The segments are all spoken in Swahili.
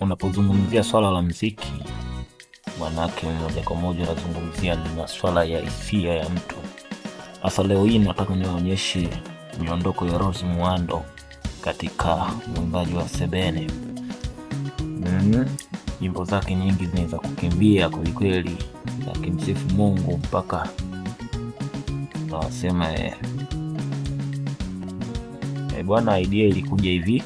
Unapozungumzia swala la mziki, manake moja kwa moja unazungumzia ni maswala ya hisia ya mtu. Sasa leo hii nataka niwaonyeshe miondoko ya Rose Muhando katika mwimbaji wa Sebene. Mhm. Nyimbo mm, zake nyingi zinaweza kukimbia kwelikweli, akimsifu Mungu mpaka nawasema eh. e, bwana, idea ilikuja hivi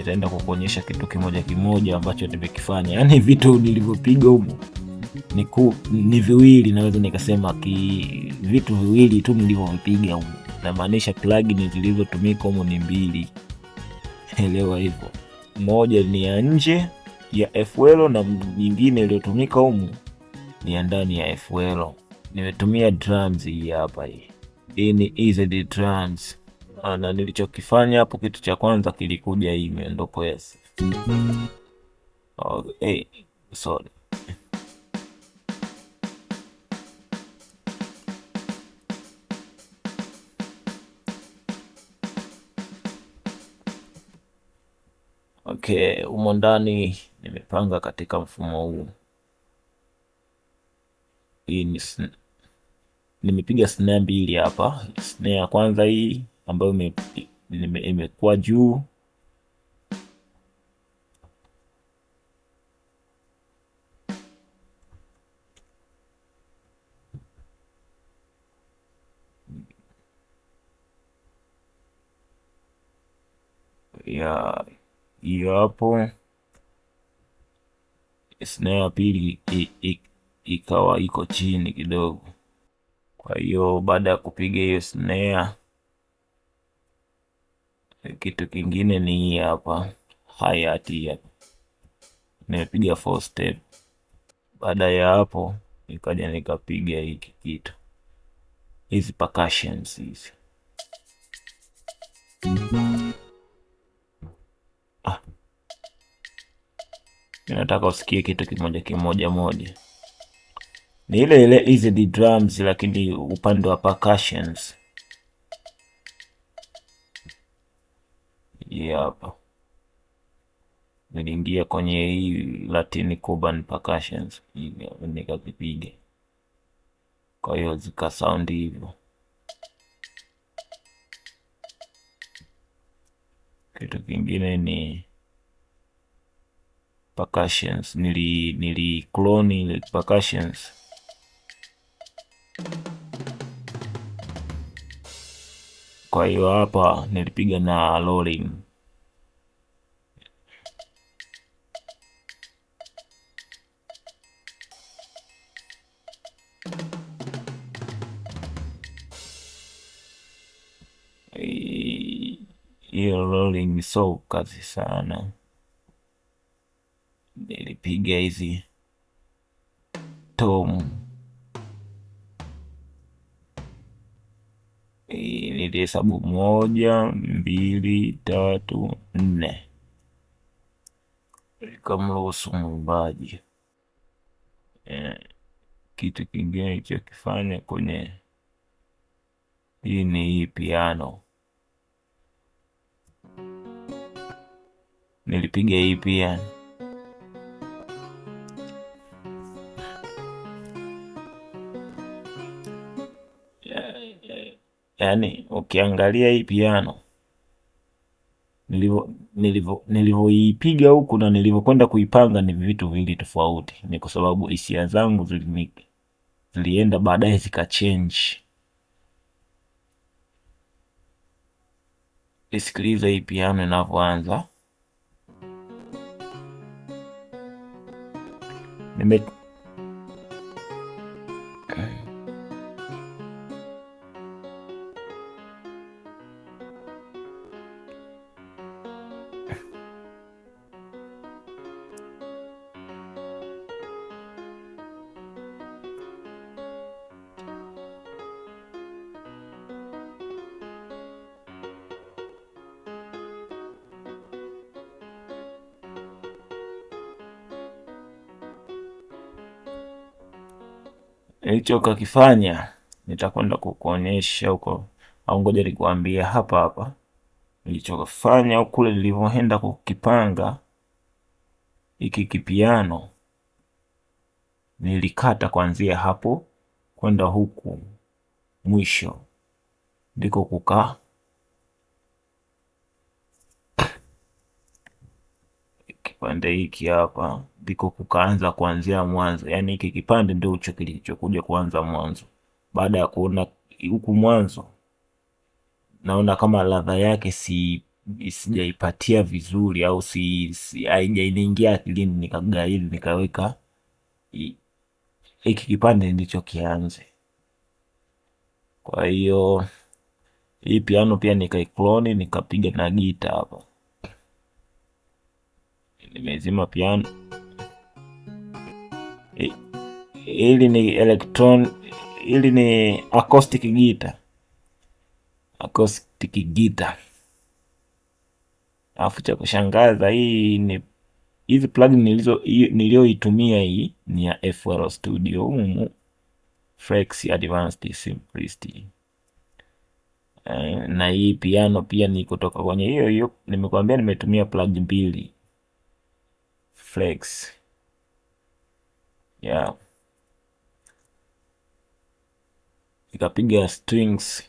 itaenda kukuonyesha kitu kimoja kimoja ambacho nimekifanya. Yani vitu nilivyopiga humo ni, ni viwili, naweza nikasema ki vitu viwili tu nilivyovipiga humo, namaanisha plugin zilizotumika humo ni mbili, elewa hivyo. Moja ni ya nje ya FL na nyingine iliyotumika humu ni ya ndani ya FL. Nimetumia drums hii hapa, hii hii ni EZ Ah, na nilichokifanya hapo, kitu cha kwanza kilikuja hii miondoko yes. Okay. Oh, eh, sorry. Okay, humo ndani nimepanga katika mfumo huu. Hii ni sn nimepiga snare mbili hapa. Snare ya kwanza hii ambayo imekuwa juu ya hiyo hapo snail ya pili ikawa iko chini kidogo. Kwa hiyo baada ya kupiga hiyo snare kitu kingine ni hii hapa high hat hii hapa nimepiga four step. Baada ya hapo, nikaja nikapiga hiki kitu, hizi percussions hizi ah. Nataka usikie kitu kimoja kimoja moja, ni ile ile hizi drums, lakini upande wa percussions hii hapa niliingia kwenye hii Latin Cuban percussions nikazipiga, kwa hiyo zika saundi hivyo kitu kingine ni percussions. Nili nili clone ile percussions kwa hiyo hapa nilipiga na rolling Rolling so kazi sana, nilipiga hizi tom nilihesabu moja mbili tatu nne, ikamruhusu mumbaji e, Kitu kingine ichokifanya kwenye hii ni hii piano nilipiga hii pia. Yaani ukiangalia hii piano nilivyoipiga huku na nilivyokwenda kuipanga ni vitu viwili tofauti. Ni kwa sababu hisia zangu zilienda baadaye zikachenji. Isikiliza hii piano inavyoanza. Mehmet Nilichokakifanya nitakwenda kukuonyesha huko, au ngoja nikuambia hapa hapa nilichokifanya kule nilivyoenda kukipanga. Hiki kipiano nilikata kuanzia hapo kwenda huku mwisho ndiko kukaa kipande hiki hapa ndiko kukaanza kuanzia mwanzo. Yani hiki kipande ndio hicho kilichokuja kuanza mwanzo, baada ya kuona huku mwanzo naona kama ladha yake si sijaipatia vizuri au si haijaniingia akilini, nikagaili nikaweka hiki kipande ndicho kianze. Kwa hiyo hii piano pia nikaikloni nikapiga na gita hapa. Nimezima piano. Hili ni electron, hili ni acoustic guitar, acoustic guitar. Alafu cha kushangaza hii ni hizi plugin nilizo niliyoitumia hii ni ya FL Studio humu Flex Advanced Simplicity. Eh, na hii piano pia ni kutoka kwenye hiyo hiyo, nimekuambia nimetumia plug mbili Netflix. Yeah. Ikapiga strings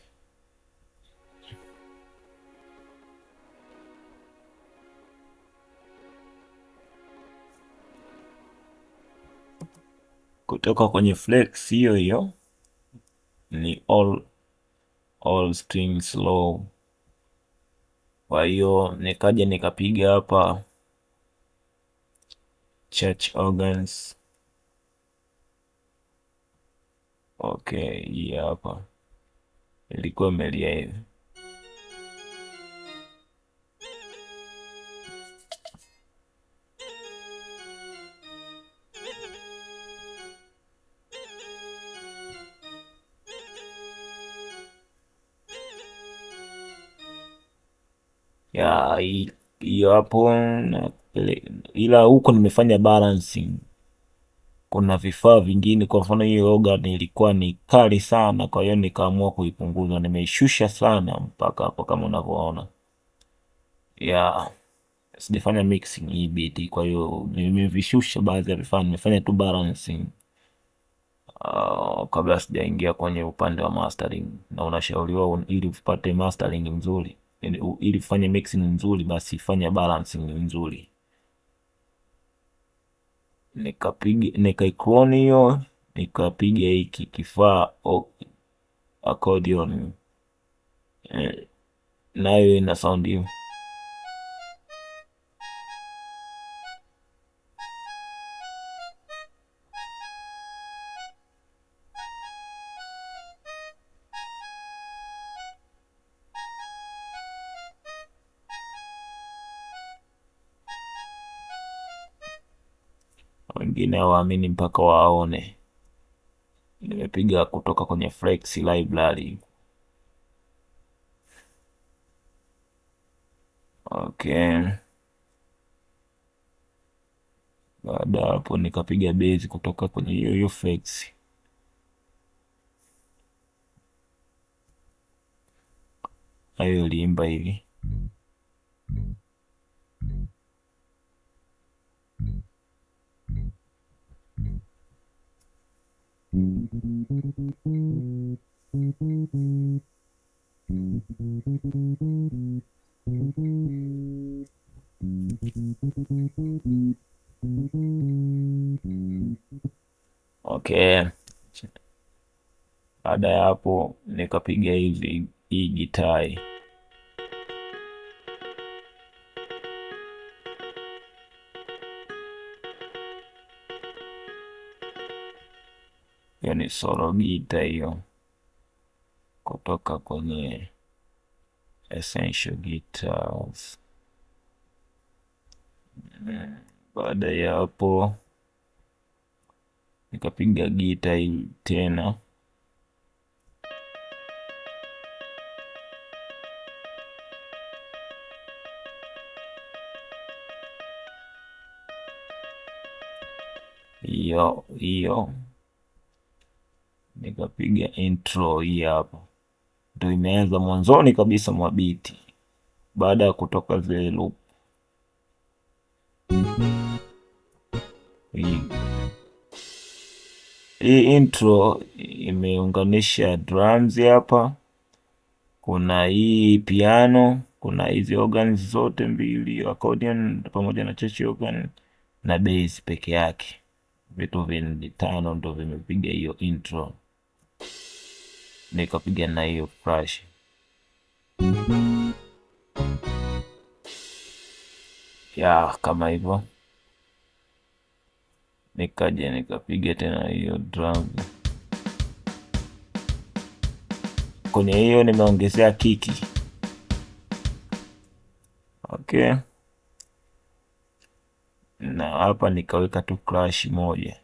kutoka kwenye flex hiyo hiyo ni all, all strings low. Kwa hiyo nikaja nikapiga hapa church organs. Okay, hii hapa ilikuwa imelia hivi. Ya hiyo hapo na ila huko nimefanya balancing. Kuna vifaa vingine, kwa mfano hiyo yoga ilikuwa ni kali sana, kwa hiyo nikaamua kuipunguza, nimeishusha sana mpaka hapo kama unavyoona ya yeah. Sijafanya mixing hii beat, kwa hiyo nimevishusha baadhi ya vifaa, nimefanya tu balancing uh, kabla sijaingia kwenye upande wa mastering, na unashauriwa ili upate mastering nzuri, ili ufanye mixing nzuri, basi fanya balancing nzuri nikapiga nikaikloni hiyo nikapiga hiki kifaa accordion, eh, nayo ina sound hiyo. wengine waamini mpaka waone. Nimepiga kutoka kwenye Flex library. Okay, baada hapo nikapiga base kutoka kwenye hiyo hiyo Flex. Hayo hivi Okay, baada ya hapo nikapiga hivi hii gitai. hiyo ni sorogita hiyo kutoka kwenye essential guitars. Baada ya hapo nikapiga gita hii tena hiyo hiyo nikapiga intro hii hapa, ndio imeanza mwanzoni kabisa mwa biti baada ya kutoka zile loop hii. Hii intro imeunganisha drums hapa, kuna hii piano, kuna hizi organs zote mbili, accordion pamoja na church organ na bass peke yake. Vitu vitano ndo vimepiga hiyo intro nikapiga na hiyo brush ya kama hivyo, nikaja nikapiga tena hiyo drum. Kwenye hiyo nimeongezea kiki. Okay, na hapa nikaweka tu crash moja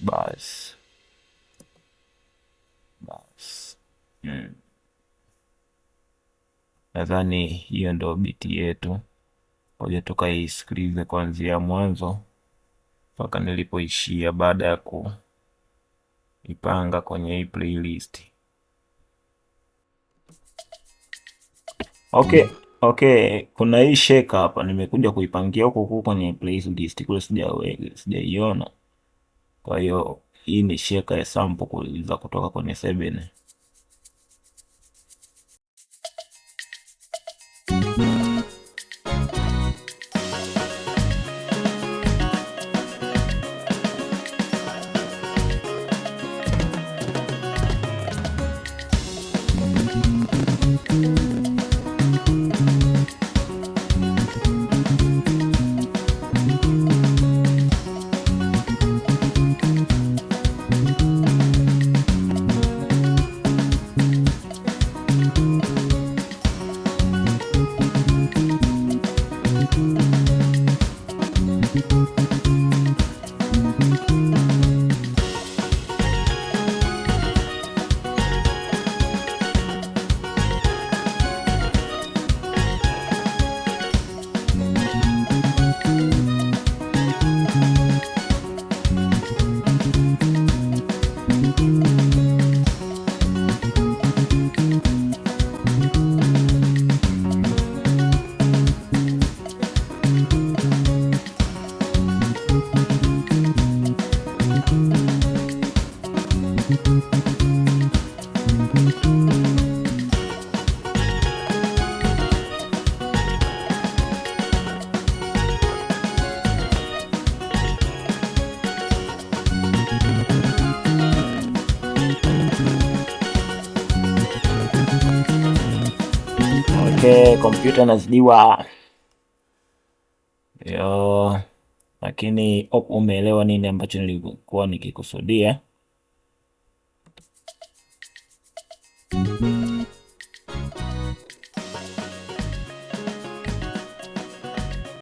basi. Hmm. Nadhani hiyo ndo biti yetu, ngoja tukaisikilize kuanzia mwanzo mpaka nilipoishia baada ya kuipanga kwenye hii playlist. Okay, okay, kuna hii sheka hapa nimekuja kuipangia huko huko kwenye playlist kule, sijaiona. Kwa hiyo hii ni sheka ya sample kuuliza kutoka kwenye sebene yake kompyuta nazidiwa yo, lakini op, umeelewa nini ambacho nilikuwa nikikusudia.